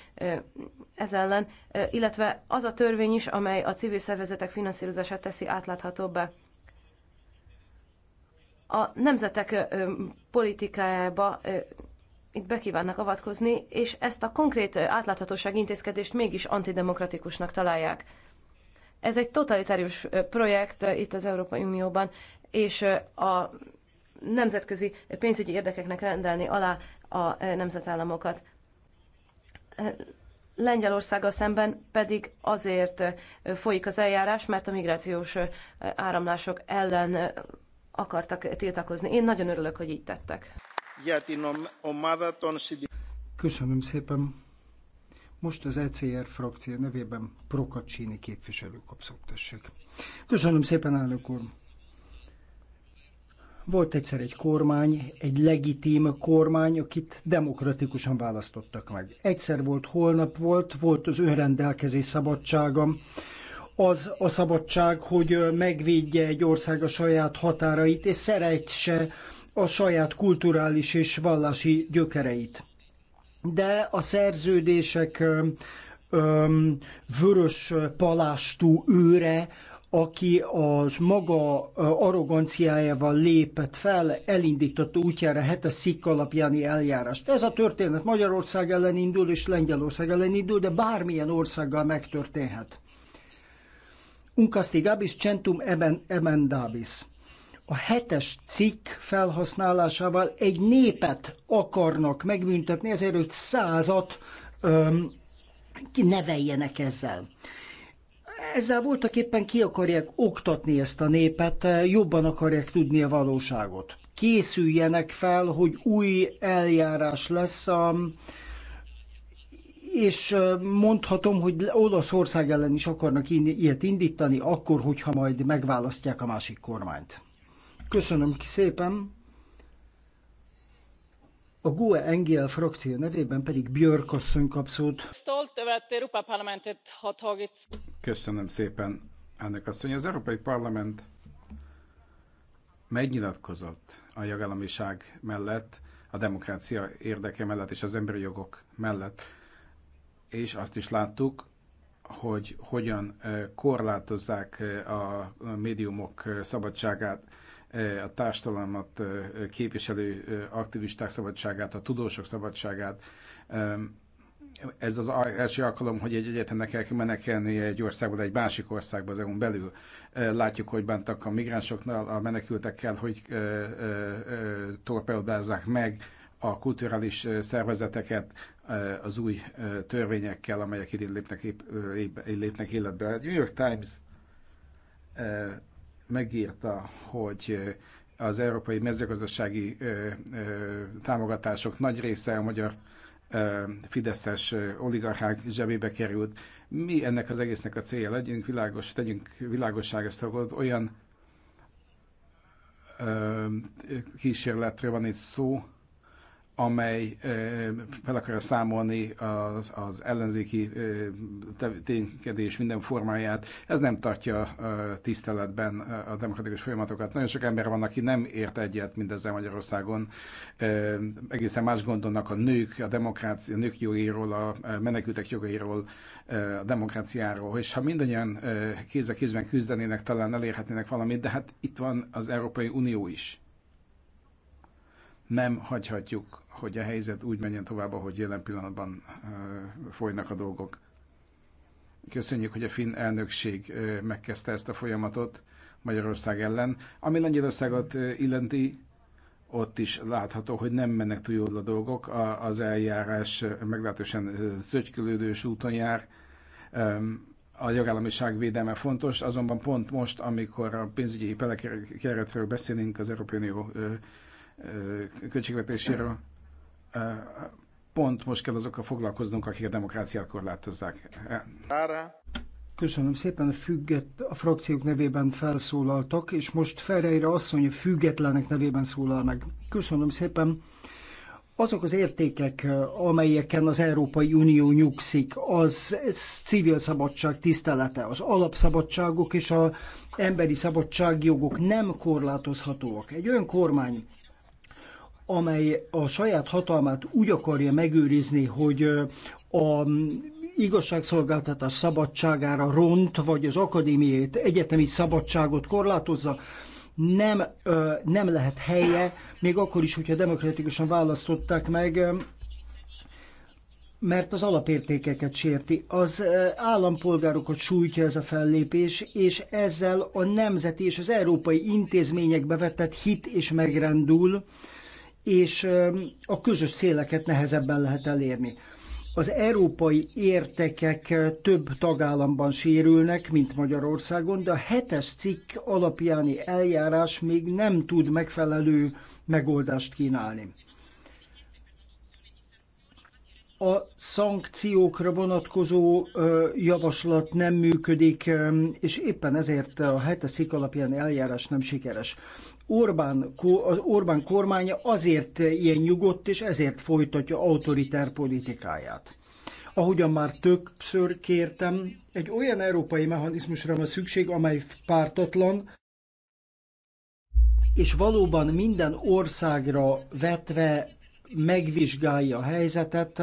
ez ellen, illetve az a törvény is, amely a civil szervezetek finanszírozását teszi átláthatóbbá. A nemzetek politikájába itt bekívánnak avatkozni, és ezt a konkrét átláthatóság intézkedést mégis antidemokratikusnak találják. Ez egy totalitárius projekt itt az Európai Unióban, és a nemzetközi pénzügyi érdekeknek rendelni alá a eh, nemzetállamokat. Eh, Lengyelországgal szemben pedig azért eh, folyik az eljárás, mert a migrációs áramlások ellen akartak tiltakozni. Én nagyon örülök, hogy így tettek. Köszönöm szépen. Most az ECR frakció nevében Prokacsini képviselő kapszok tessék. Köszönöm szépen, elnök úr. Volt egyszer egy kormány, egy legitim kormány, akit demokratikusan választottak meg. Egyszer volt, holnap volt, volt az önrendelkezés szabadsága, az a szabadság, hogy megvédje egy ország a saját határait, és szeretse a saját kulturális és vallási gyökereit. De a szerződések vörös palástú őre aki az maga arroganciájával lépett fel, elindította útjára hetes szikk alapjáni eljárást. Ez a történet Magyarország ellen indul és Lengyelország ellen indul, de bármilyen országgal megtörténhet. Unkasztigabis centum emendabis. A hetes cikk felhasználásával egy népet akarnak megbüntetni, ezért őt százat öm, neveljenek ezzel ezzel voltak éppen ki akarják oktatni ezt a népet, eh, jobban akarják tudni a valóságot. Készüljenek fel, hogy új eljárás lesz a, és eh, mondhatom, hogy Olaszország ellen is akarnak ilyet indítani, akkor, hogyha majd megválasztják a másik kormányt. Köszönöm szépen. A GUE NGL frakció nevében pedig Björk asszony kap szót. Köszönöm szépen, ennek asszony. Az Európai Parlament megnyilatkozott a jogállamiság mellett, a demokrácia érdeke mellett és az emberi jogok mellett, és azt is láttuk, hogy hogyan korlátozzák a médiumok szabadságát a társadalmat képviselő aktivisták szabadságát, a tudósok szabadságát. Ez az első alkalom, hogy egy egyetemnek el kell menekelni egy országból, egy másik országba az EU-n belül. Látjuk, hogy bántak a migránsoknál, a menekültekkel, hogy torpeodázzák meg a kulturális szervezeteket az új törvényekkel, amelyek idén lépnek, lépnek életbe. A New York Times megírta, hogy az európai mezőgazdasági támogatások nagy része a magyar fideszes oligarchák zsebébe került. Mi ennek az egésznek a célja? Legyünk világos, tegyünk világosságot, olyan kísérletről van itt szó, amely fel akarja számolni az, az ellenzéki ténykedés minden formáját. Ez nem tartja tiszteletben a demokratikus folyamatokat. Nagyon sok ember van, aki nem ért egyet mindezzel Magyarországon. Egészen más gondolnak a nők, a demokrácia, a nők jogairól, a menekültek jogairól, a demokráciáról. És ha mindannyian kéz a kézben küzdenének, talán elérhetnének valamit, de hát itt van az Európai Unió is. Nem hagyhatjuk hogy a helyzet úgy menjen tovább, ahogy jelen pillanatban folynak a dolgok. Köszönjük, hogy a finn elnökség megkezdte ezt a folyamatot Magyarország ellen. Ami Lengyelországot illeti, ott is látható, hogy nem mennek túl jól a dolgok, az eljárás meglehetősen zögykülődős úton jár. A jogállamiság védelme fontos, azonban pont most, amikor a pénzügyi pelekeretről beszélünk az Európai Unió költségvetéséről, Pont most kell azokkal foglalkoznunk, akik a demokráciát korlátozzák. Ára. Köszönöm szépen, függet, a frakciók nevében felszólaltak, és most Ferreira asszony függetlenek nevében szólal meg. Köszönöm szépen. Azok az értékek, amelyeken az Európai Unió nyugszik, az civil szabadság tisztelete, az alapszabadságok és az emberi szabadságjogok nem korlátozhatóak. Egy olyan kormány, amely a saját hatalmát úgy akarja megőrizni, hogy a igazságszolgáltatás szabadságára ront, vagy az akadémiai egyetemi szabadságot korlátozza, nem, nem lehet helye, még akkor is, hogyha demokratikusan választották meg, mert az alapértékeket sérti. Az állampolgárokat sújtja ez a fellépés, és ezzel a nemzeti és az európai intézményekbe vetett hit és megrendül, és a közös széleket nehezebben lehet elérni. Az európai értekek több tagállamban sérülnek, mint Magyarországon, de a hetes cikk alapjáni eljárás még nem tud megfelelő megoldást kínálni. A szankciókra vonatkozó javaslat nem működik, és éppen ezért a hetes cikk alapján eljárás nem sikeres. Orbán, az Orbán kormánya azért ilyen nyugodt, és ezért folytatja autoritár politikáját. Ahogyan már többször kértem, egy olyan európai mechanizmusra van szükség, amely pártatlan, és valóban minden országra vetve megvizsgálja a helyzetet,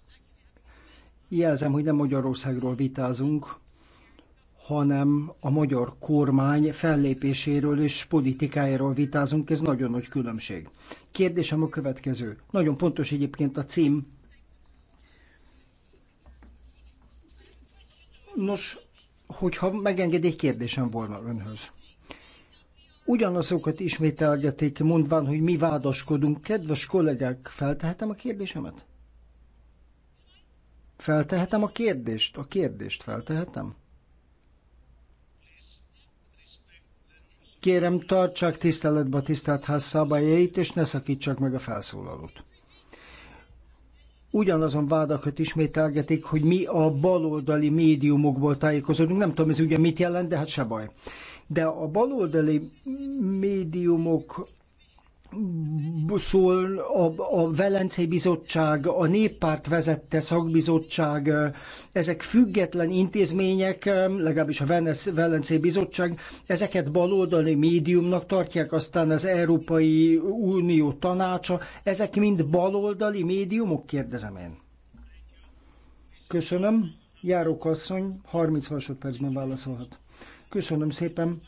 Jelzem, hogy nem Magyarországról vitázunk, hanem a magyar kormány fellépéséről és politikájáról vitázunk, ez nagyon nagy különbség. Kérdésem a következő. Nagyon pontos egyébként a cím. Nos, hogyha megengedi, kérdésem volna önhöz. Ugyanazokat ismételgeték, mondván, hogy mi vádaskodunk. Kedves kollégák, feltehetem a kérdésemet? Feltehetem a kérdést? A kérdést feltehetem? Kérem, tartsák tiszteletbe a tisztelt ház szabályait, és ne szakítsák meg a felszólalót. Ugyanazon vádakat ismételgetik, hogy mi a baloldali médiumokból tájékozódunk. Nem tudom, ez ugye mit jelent, de hát se baj. De a baloldali médiumok szól a, a Velencei Bizottság, a Néppárt vezette szakbizottság, ezek független intézmények, legalábbis a Velencei Bizottság, ezeket baloldali médiumnak tartják, aztán az Európai Unió tanácsa, ezek mind baloldali médiumok, kérdezem én. Köszönöm. Járókasszony, 30 másodpercben válaszolhat. Köszönöm szépen.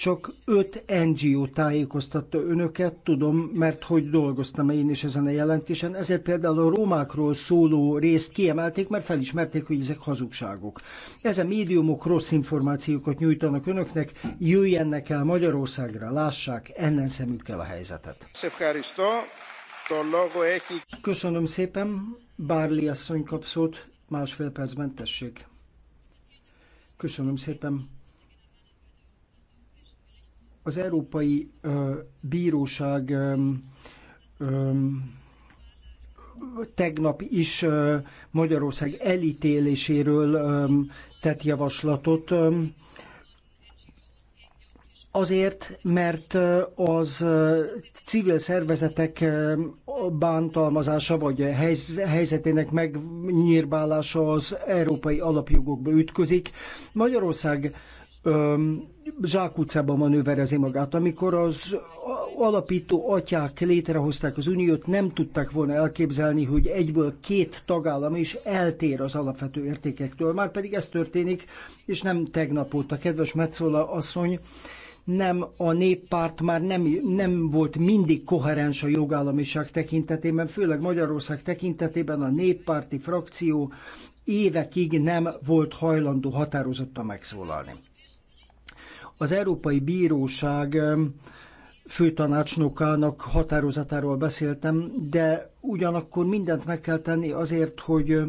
Csak öt NGO tájékoztatta önöket, tudom, mert hogy dolgoztam én is ezen a jelentésen, ezért például a rómákról szóló részt kiemelték, mert felismerték, hogy ezek hazugságok. Ezen médiumok rossz információkat nyújtanak önöknek, jöjjenek el Magyarországra, lássák, ennen szemükkel a helyzetet. Köszönöm szépen, Bárli asszony kap szót, másfél percben tessék. Köszönöm szépen az Európai ö, Bíróság ö, ö, tegnap is ö, Magyarország elítéléséről ö, tett javaslatot. Ö, Azért, mert az civil szervezetek bántalmazása vagy helyzetének megnyírbálása az európai alapjogokba ütközik. Magyarország zsákutcában manőverezi magát. Amikor az alapító atyák létrehozták az uniót, nem tudták volna elképzelni, hogy egyből két tagállam is eltér az alapvető értékektől. Már pedig ez történik, és nem tegnap óta. Kedves Metzola asszony, nem a néppárt már nem, nem volt mindig koherens a jogállamiság tekintetében, főleg Magyarország tekintetében a néppárti frakció évekig nem volt hajlandó határozottan megszólalni. Az Európai Bíróság főtanácsnokának határozatáról beszéltem, de ugyanakkor mindent meg kell tenni azért, hogy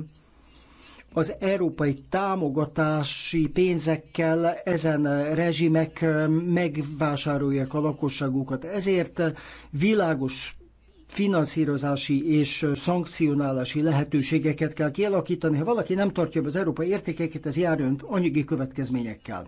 az európai támogatási pénzekkel ezen rezsimek megvásárolják a lakosságukat. Ezért világos finanszírozási és szankcionálási lehetőségeket kell kialakítani. Ha valaki nem tartja be az európai értékeket, ez járjon anyagi következményekkel.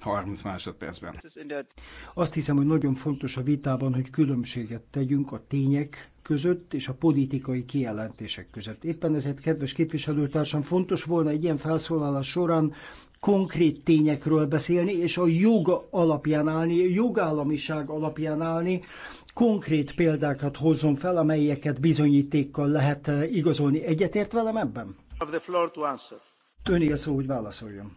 30 másodpercben. Azt hiszem, hogy nagyon fontos a vitában, hogy különbséget tegyünk a tények között és a politikai kijelentések között. Éppen ezért, kedves képviselőtársam, fontos volna egy ilyen felszólalás során konkrét tényekről beszélni, és a jog alapján állni, a jogállamiság alapján állni, konkrét példákat hozzon fel, amelyeket bizonyítékkal lehet eh, igazolni. Egyetért velem ebben? Önél szó, hogy válaszoljon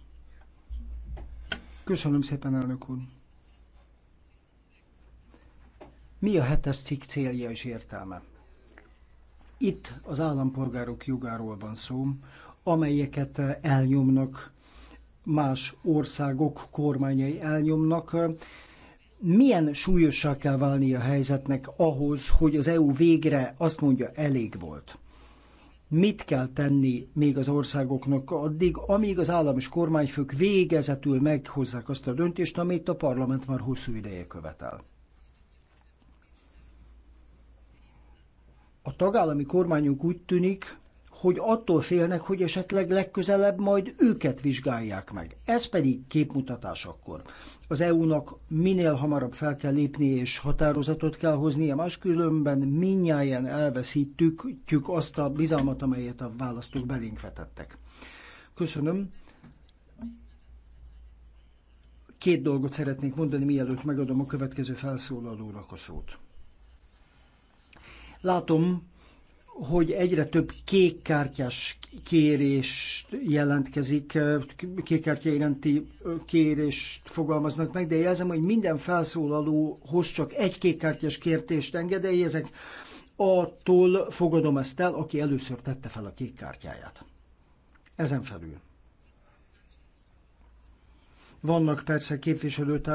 Köszönöm szépen, elnök úr. Mi a hetes cikk célja és értelme? Itt az állampolgárok jogáról van szó, amelyeket elnyomnak, más országok kormányai elnyomnak. Milyen súlyossá kell válni a helyzetnek ahhoz, hogy az EU végre azt mondja, elég volt? mit kell tenni még az országoknak addig, amíg az állam és kormányfők végezetül meghozzák azt a döntést, amit a parlament már hosszú ideje követel. A tagállami kormányok úgy tűnik, hogy attól félnek, hogy esetleg legközelebb majd őket vizsgálják meg. Ez pedig képmutatás akkor. Az EU-nak minél hamarabb fel kell lépni és határozatot kell hoznia, máskülönben minnyáján elveszítjük azt a bizalmat, amelyet a választók belénk vetettek. Köszönöm. Két dolgot szeretnék mondani, mielőtt megadom a következő felszólalónak a szót. Látom, hogy egyre több kékkártyás kérést jelentkezik, kékkártya iránti kérést fogalmaznak meg, de jelzem, hogy minden felszólalóhoz csak egy kékkártyás kértést engedélyezek, attól fogadom ezt el, aki először tette fel a kékkártyáját. Ezen felül. Vannak persze képviselőtársak,